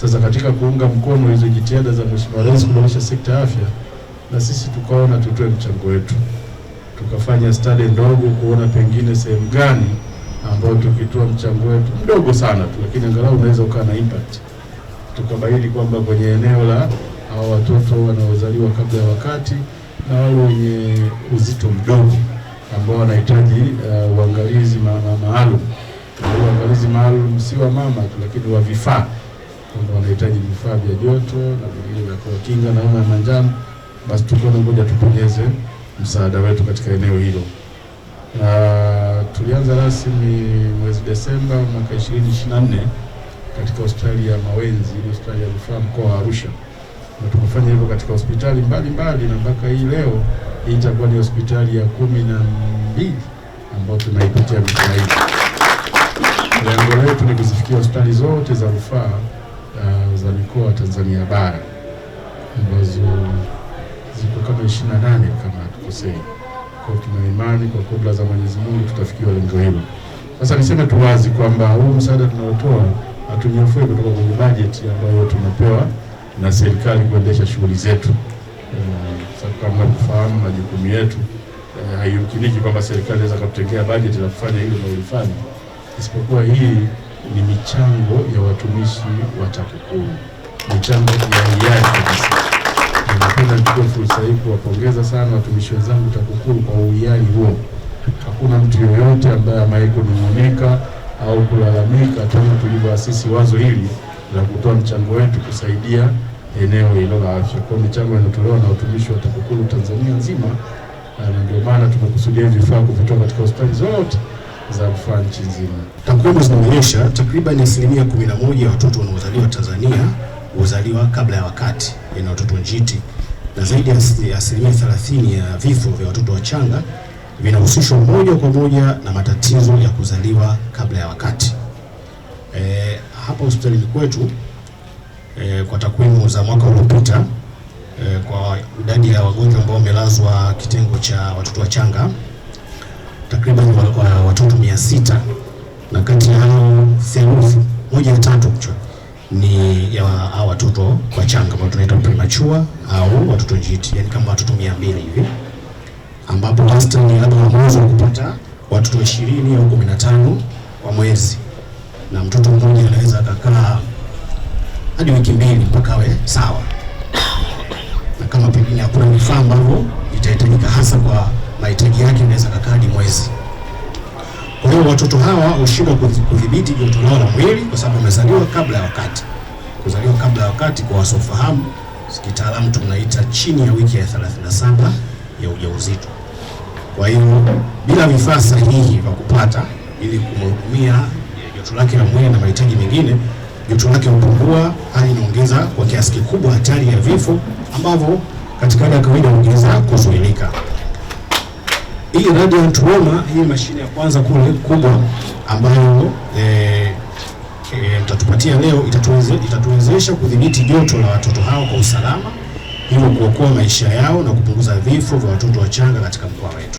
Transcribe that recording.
Sasa katika kuunga mkono hizo jitihada za Mheshimiwa Rais kuboresha sekta ya afya, na sisi tukaona tutoe mchango wetu, tukafanya stadi ndogo kuona pengine sehemu gani ambayo tukitoa mchango wetu mdogo sana tu, lakini angalau unaweza ukawa na impact. Tukabaini kwamba kwenye eneo la hawa watoto wanaozaliwa kabla ya wakati na wale wenye uzito mdogo ambao wanahitaji uh, uangalizi uh, maalum. Uangalizi maalum si wa mama tu, lakini wa vifaa kwamba wanahitaji vifaa vya joto na vingine vya kuwakinga na homa ya manjano, basi tulikuwa ngoja tupongeze msaada wetu katika eneo hilo, na tulianza rasmi mwezi Desemba mwaka 2024 katika hospitali ya Mawenzi, hospitali ya rufaa mkoa wa Arusha, na tumefanya hivyo katika hospitali mbalimbali na mpaka hii leo hii itakuwa ni hospitali ya kumi na mbili ambayo tunaipitia mitaa hii. Lengo letu ni kuzifikia hospitali zote za rufaa za mikoa wa Tanzania bara ambazo ziko kama 28 kama hatukosei. Kwa tuna imani kwa kubla za Mwenyezi Mungu tutafikiwa lengo hilo. Sasa niseme tu wazi kwamba huu msaada tunaotoa hatunyofui kutoka kwenye bajeti ambayo tunapewa na serikali kuendesha shughuli zetu. Uh, kama kufahamu majukumu yetu uh, eh, haiukiniki kwamba serikali inaweza kutengea bajeti na kufanya hilo na ulifanya isipokuwa hii ni michango ya watumishi wa TAKUKURU, michango ya hiari kabisa. Napenda nichukue fursa hii kuwapongeza sana watumishi wenzangu TAKUKURU kwa uhiari huo. Hakuna mtu yoyote ambaye amewahi kunung'unika au kulalamika tangu tulivyoasisi wazo hili la kutoa mchango wetu kusaidia eneo hilo la afya. Kwa michango inatolewa na watumishi wa TAKUKURU Tanzania nzima, na ndio maana tumekusudia vifaa kuvitoa katika hospitali zote za rufaa nchi nzima. Takwimu zinaonyesha takriban asilimia 11 ya watoto wanaozaliwa Tanzania huzaliwa kabla ya wakati, yaani watoto njiti, na zaidi ya asilimia 30 ya vifo vya watoto wachanga vinahusishwa moja kwa moja na matatizo ya kuzaliwa kabla ya wakati. E, hapa hospitalini kwetu e, kwa takwimu za mwaka uliopita e, kwa idadi ya wagonjwa ambao wamelazwa kitengo cha watoto wachanga takriban watoto mia sita na kati ya hao theluthi moja ya tatu ni ya hao watoto wachanga ambao tunaita premature au watoto njiti, yani kama watoto mia mbili hivi, ambapo wastani labda wa mwanzo kupata watoto ishirini au kumi na tano kwa mwezi, na mtoto mmoja anaweza akakaa hadi wiki mbili mpaka awe sawa, na kama pengine hakuna vifaa ambavyo itahitajika hasa kwa mahitaji yake inaweza kukaa hadi mwezi. Kwa hiyo watoto hawa hushindwa kudhibiti joto lao la mwili kwa sababu wamezaliwa kabla ya wakati. Kuzaliwa kabla ya wakati kwa wasofahamu kitaalamu tunaita chini ya wiki ya 37 ya ujauzito. Kwa hiyo bila vifaa sahihi vya kupata ili kumhudumia joto lake la mwili na mahitaji mengine, joto lake hupungua, hali inaongeza kwa kiasi kikubwa hatari ya vifo ambavyo katika hali ya kawaida huongeza kuzuilika hii radiant warmer, hii mashine ya kwanza kule kubwa ambayo eh, eh, mtatupatia e, e, leo itatuwezesha itatuweze kudhibiti joto la watoto hao kwa usalama, hivyo kuokoa maisha yao na kupunguza vifo vya watoto wachanga katika mkoa wetu.